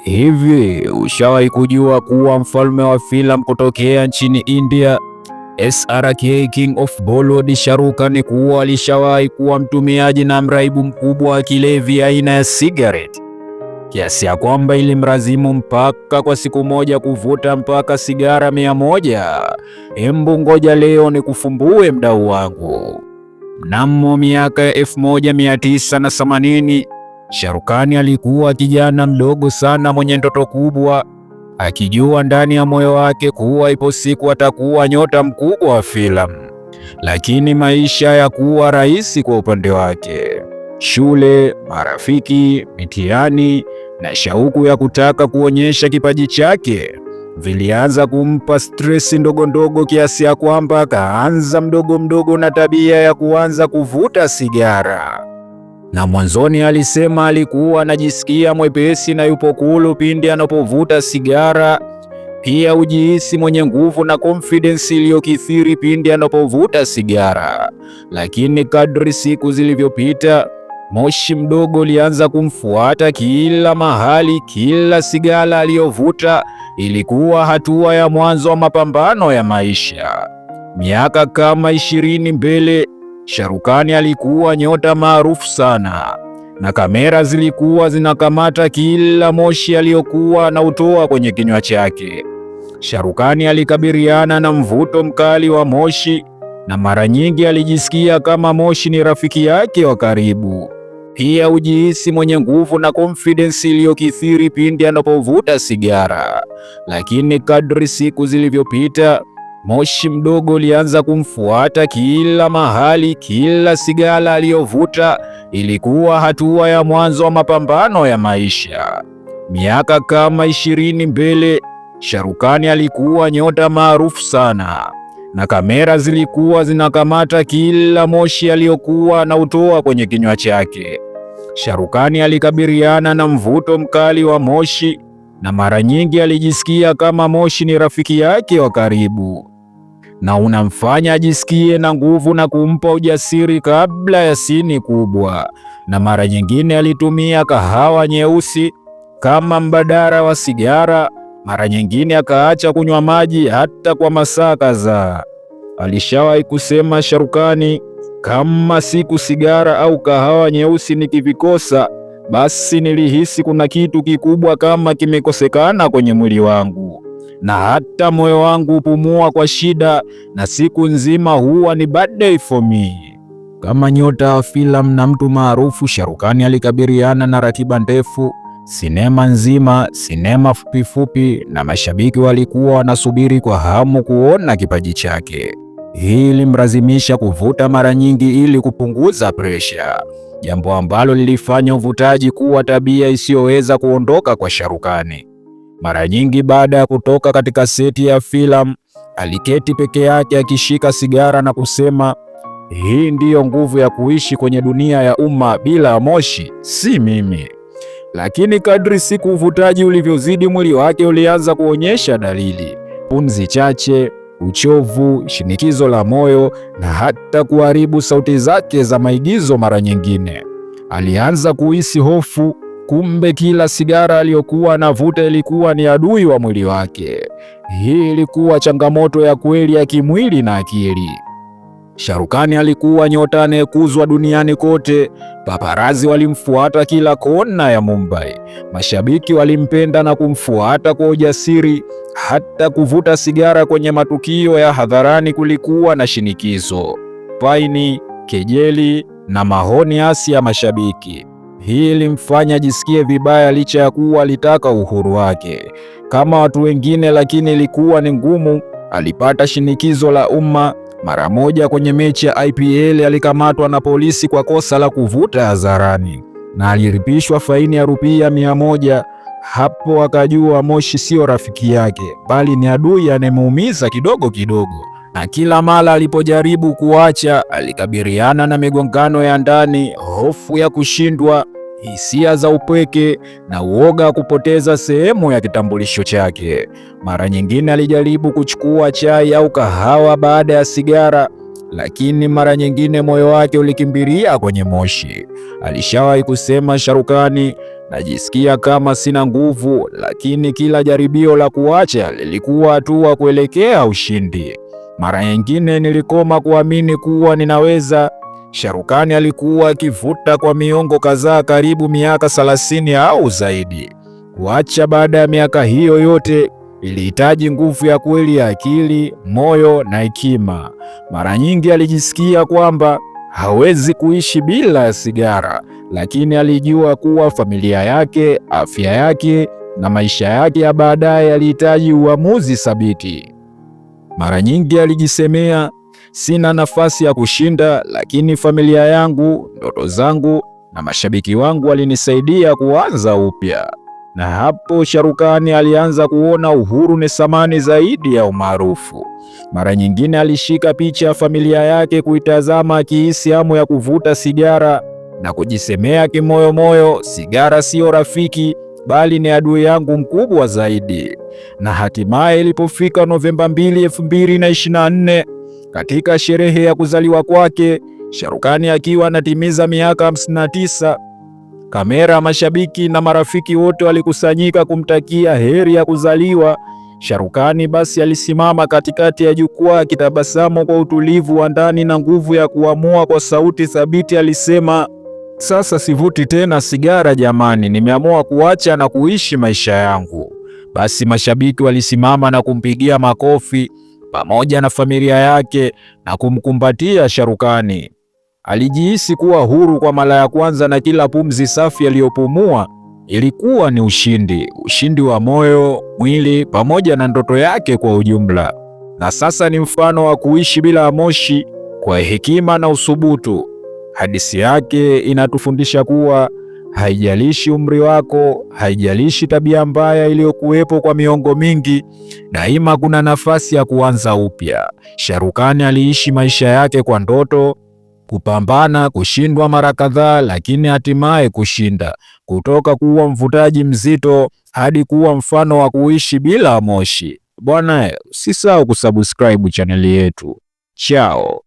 Hivi ushawahi kujua kuwa mfalme wa filamu kutokea nchini India SRK King of Bollywood Sharuka ni kuwa alishawahi kuwa mtumiaji na mraibu mkubwa wa kilevi aina ya sigareti kiasi ya kwamba ilimrazimu mpaka kwa siku moja kuvuta mpaka sigara mia moja. Embu ngoja leo ni kufumbue mdau wangu. Mnamo miaka ya 1980 Sharukani alikuwa kijana mdogo sana mwenye ndoto kubwa, akijua ndani ya moyo wake kuwa ipo siku atakuwa nyota mkubwa wa filamu, lakini maisha hayakuwa rahisi kwa upande wake. Shule, marafiki, mitihani na shauku ya kutaka kuonyesha kipaji chake vilianza kumpa stresi ndogo ndogo, kiasi ya kwamba akaanza mdogo mdogo na tabia ya kuanza kuvuta sigara na mwanzoni alisema alikuwa anajisikia mwepesi na yupo kulu pindi anapovuta sigara. Pia hujihisi mwenye nguvu na confidence iliyokithiri pindi anapovuta sigara, lakini kadri siku zilivyopita moshi mdogo ulianza kumfuata kila mahali. Kila sigara aliyovuta ilikuwa hatua ya mwanzo wa mapambano ya maisha. Miaka kama ishirini mbele Sharukani alikuwa nyota maarufu sana, na kamera zilikuwa zinakamata kila moshi aliyokuwa anautoa kwenye kinywa chake. Sharukani alikabiliana na mvuto mkali wa moshi na mara nyingi alijisikia kama moshi ni rafiki yake wa karibu. Pia hujihisi mwenye nguvu na confidence iliyokithiri pindi anapovuta sigara, lakini kadri siku zilivyopita Moshi mdogo ulianza kumfuata kila mahali. Kila sigara aliyovuta ilikuwa hatua ya mwanzo wa mapambano ya maisha. Miaka kama ishirini mbele, Sharukani alikuwa nyota maarufu sana, na kamera zilikuwa zinakamata kila moshi aliyokuwa anautoa kwenye kinywa chake. Sharukani alikabiliana na mvuto mkali wa moshi, na mara nyingi alijisikia kama moshi ni rafiki yake wa karibu na unamfanya ajisikie na nguvu na kumpa ujasiri kabla ya sini kubwa. Na mara nyingine alitumia kahawa nyeusi kama mbadala wa sigara. Mara nyingine akaacha kunywa maji hata kwa masaa kadhaa. Alishawahi kusema Sharukani, kama siku sigara au kahawa nyeusi nikivikosa, basi nilihisi kuna kitu kikubwa kama kimekosekana kwenye mwili wangu na hata moyo wangu hupumua kwa shida, na siku nzima huwa ni bad day for me. Kama nyota wa filamu na mtu maarufu, Sharukani alikabiliana na ratiba ndefu, sinema nzima, sinema fupifupi, na mashabiki walikuwa wanasubiri kwa hamu kuona kipaji chake. Hii ilimlazimisha kuvuta mara nyingi ili kupunguza presha, jambo ambalo lilifanya uvutaji kuwa tabia isiyoweza kuondoka kwa Sharukani. Mara nyingi baada ya kutoka katika seti ya filamu, aliketi peke yake akishika sigara na kusema, hii ndiyo nguvu ya kuishi kwenye dunia ya umma bila moshi, si mimi. Lakini kadri siku uvutaji ulivyozidi, mwili wake ulianza kuonyesha dalili: pumzi chache, uchovu, shinikizo la moyo na hata kuharibu sauti zake za maigizo. Mara nyingine alianza kuhisi hofu, Kumbe kila sigara aliyokuwa anavuta ilikuwa ni adui wa mwili wake. Hii ilikuwa changamoto ya kweli ya kimwili na akili. Sharukani alikuwa nyota anayekuzwa duniani kote. Paparazi walimfuata kila kona ya Mumbai. Mashabiki walimpenda na kumfuata kwa ujasiri. Hata kuvuta sigara kwenye matukio ya hadharani kulikuwa na shinikizo, faini, kejeli na mahoni hasi ya mashabiki. Hii ilimfanya ajisikie vibaya licha ya kuwa alitaka uhuru wake kama watu wengine, lakini ilikuwa ni ngumu. Alipata shinikizo la umma. Mara moja kwenye mechi ya IPL alikamatwa na polisi kwa kosa la kuvuta hadharani na aliripishwa faini ya rupia mia moja. Hapo akajua Moshi sio rafiki yake, bali ni adui anayemuumiza kidogo kidogo na kila mara alipojaribu kuacha alikabiliana na migongano ya ndani, hofu ya kushindwa, hisia za upweke na uoga wa kupoteza sehemu ya kitambulisho chake. Mara nyingine alijaribu kuchukua chai au kahawa baada ya sigara, lakini mara nyingine moyo wake ulikimbilia kwenye moshi. Alishawahi kusema Sharukani, najisikia kama sina nguvu, lakini kila jaribio la kuacha lilikuwa hatua kuelekea ushindi. Mara nyingine nilikoma kuamini kuwa ninaweza. Sharukani alikuwa akivuta kwa miongo kadhaa, karibu miaka 30 au zaidi. Kuacha baada ya miaka hiyo yote ilihitaji nguvu ya kweli ya akili, moyo na hekima. Mara nyingi alijisikia kwamba hawezi kuishi bila sigara, lakini alijua kuwa familia yake, afya yake na maisha yake ya baadaye yalihitaji uamuzi thabiti. Mara nyingi alijisemea, sina nafasi ya kushinda, lakini familia yangu, ndoto zangu na mashabiki wangu walinisaidia kuanza upya. Na hapo Sharukani alianza kuona uhuru ni thamani zaidi ya umaarufu. Mara nyingine alishika picha ya familia yake kuitazama, akihisi hamu ya kuvuta sigara na kujisemea kimoyomoyo, sigara siyo rafiki, bali ni adui yangu mkubwa zaidi. Na hatimaye ilipofika Novemba 2, 2024 katika sherehe ya kuzaliwa kwake, Sharukani akiwa anatimiza miaka 59, kamera, mashabiki na marafiki wote walikusanyika kumtakia heri ya kuzaliwa. Sharukani basi alisimama katikati ya jukwaa akitabasamu kwa utulivu wa ndani na nguvu ya kuamua. Kwa sauti thabiti alisema sasa sivuti tena sigara jamani, nimeamua kuacha na kuishi maisha yangu. Basi mashabiki walisimama na kumpigia makofi pamoja na familia yake na kumkumbatia Sharukani. Alijihisi kuwa huru kwa mara ya kwanza, na kila pumzi safi aliyopumua ilikuwa ni ushindi, ushindi wa moyo, mwili pamoja na ndoto yake kwa ujumla. Na sasa ni mfano wa kuishi bila moshi kwa hekima na usubutu. Hadisi yake inatufundisha kuwa haijalishi umri wako, haijalishi tabia mbaya iliyokuwepo kwa miongo mingi, daima kuna nafasi ya kuanza upya. Sharukani aliishi maisha yake kwa ndoto, kupambana, kushindwa mara kadhaa, lakini hatimaye kushinda, kutoka kuwa mvutaji mzito hadi kuwa mfano wa kuishi bila moshi. Bwana, usisahau kusubscribe chaneli yetu. Chao.